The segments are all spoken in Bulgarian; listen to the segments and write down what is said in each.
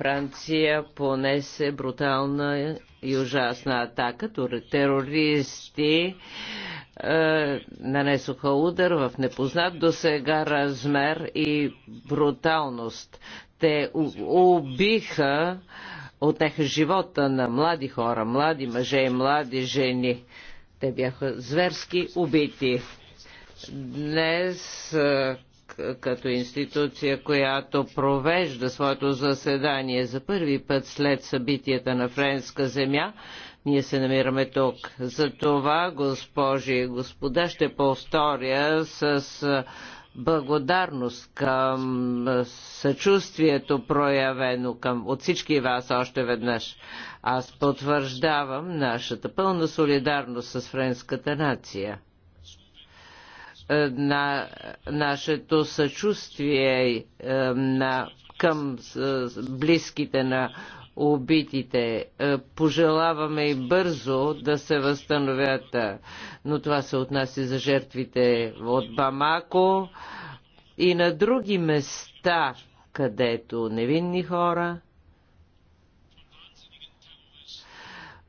Франция понесе брутална и ужасна атака. Терористи е, нанесоха удар в непознат до сега размер и бруталност. Те убиха, отнеха живота на млади хора, млади мъже и млади жени. Те бяха зверски убити. Днес е, като институция, която провежда своето заседание за първи път след събитията на Френска земя, ние се намираме тук. За това, госпожи и господа, ще повторя с благодарност към съчувствието проявено към, от всички вас още веднъж. Аз потвърждавам нашата пълна солидарност с френската нация. Е, на нашето съчувствие е, на, към близките на убитите. Е, пожелаваме и бързо да се възстановят, но това се отнася за жертвите от Бамако и на други места, където невинни хора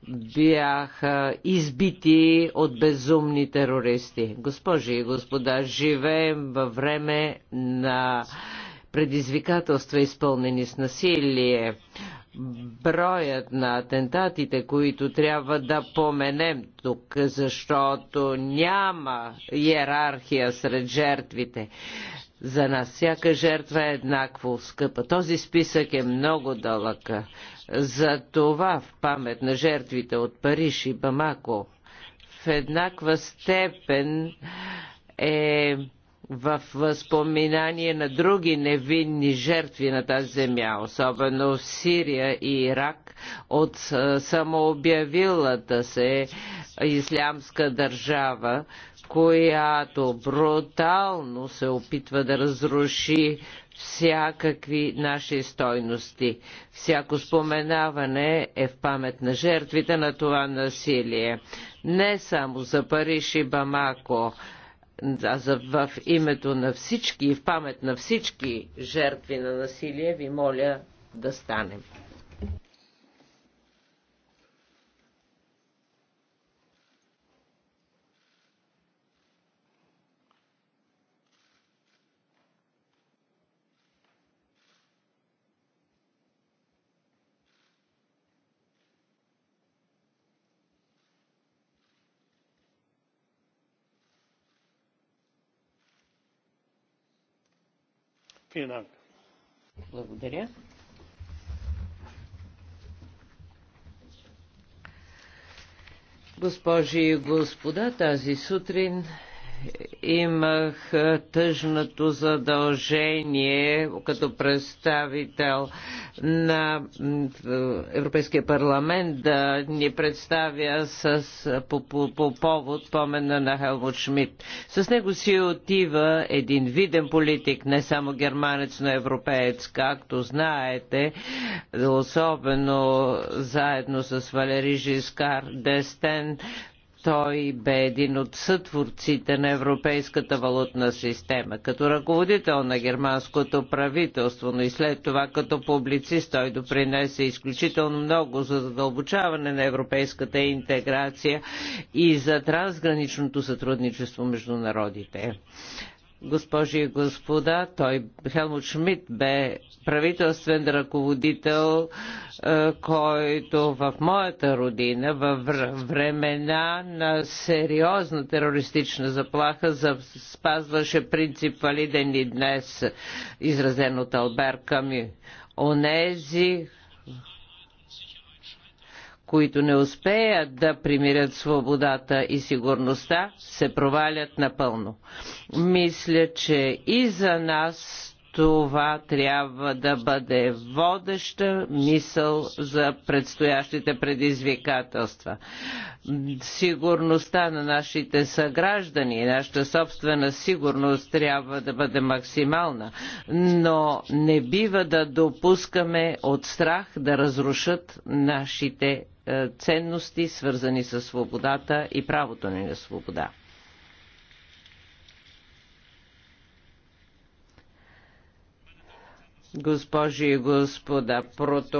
бяха избити от безумни терористи. Госпожи и господа, живеем във време на предизвикателства, изпълнени с насилие. Броят на атентатите, които трябва да поменем тук, защото няма иерархия сред жертвите за нас всяка жертва е еднакво скъпа. Този списък е много дълъг. За това в памет на жертвите от Париж и Бамако в еднаква степен е в възпоминание на други невинни жертви на тази земя, особено в Сирия и Ирак, от самообявилата се ислямска държава, която брутално се опитва да разруши всякакви наши стойности. Всяко споменаване е в памет на жертвите на това насилие. Не само за Париж и Бамако, в името на всички и в памет на всички жертви на насилие ви моля да станем. Благодаря. Госпожи и господа, тази сутрин имах е, тъжното задължение като представител на Европейския парламент да ни представя с, по, по, по повод помена на Хелмут Шмидт. С него си отива един виден политик, не само германец, но европеец, както знаете, особено заедно с Валери Жискар Дестен той бе един от сътворците на Европейската валутна система. Като ръководител на германското правителство, но и след това като публицист, той допринесе изключително много за задълбочаване на европейската интеграция и за трансграничното сътрудничество между народите госпожи и господа, той Хелмут Шмидт бе правителствен ръководител, е, който в моята родина във времена на сериозна терористична заплаха спазваше принцип валиден и днес, изразен от Албер Ками. Онези които не успеят да примирят свободата и сигурността, се провалят напълно. Мисля, че и за нас това трябва да бъде водеща мисъл за предстоящите предизвикателства. Сигурността на нашите съграждани и нашата собствена сигурност трябва да бъде максимална, но не бива да допускаме от страх да разрушат нашите е, ценности, свързани с свободата и правото ни на свобода. Госпожи и господа, протокол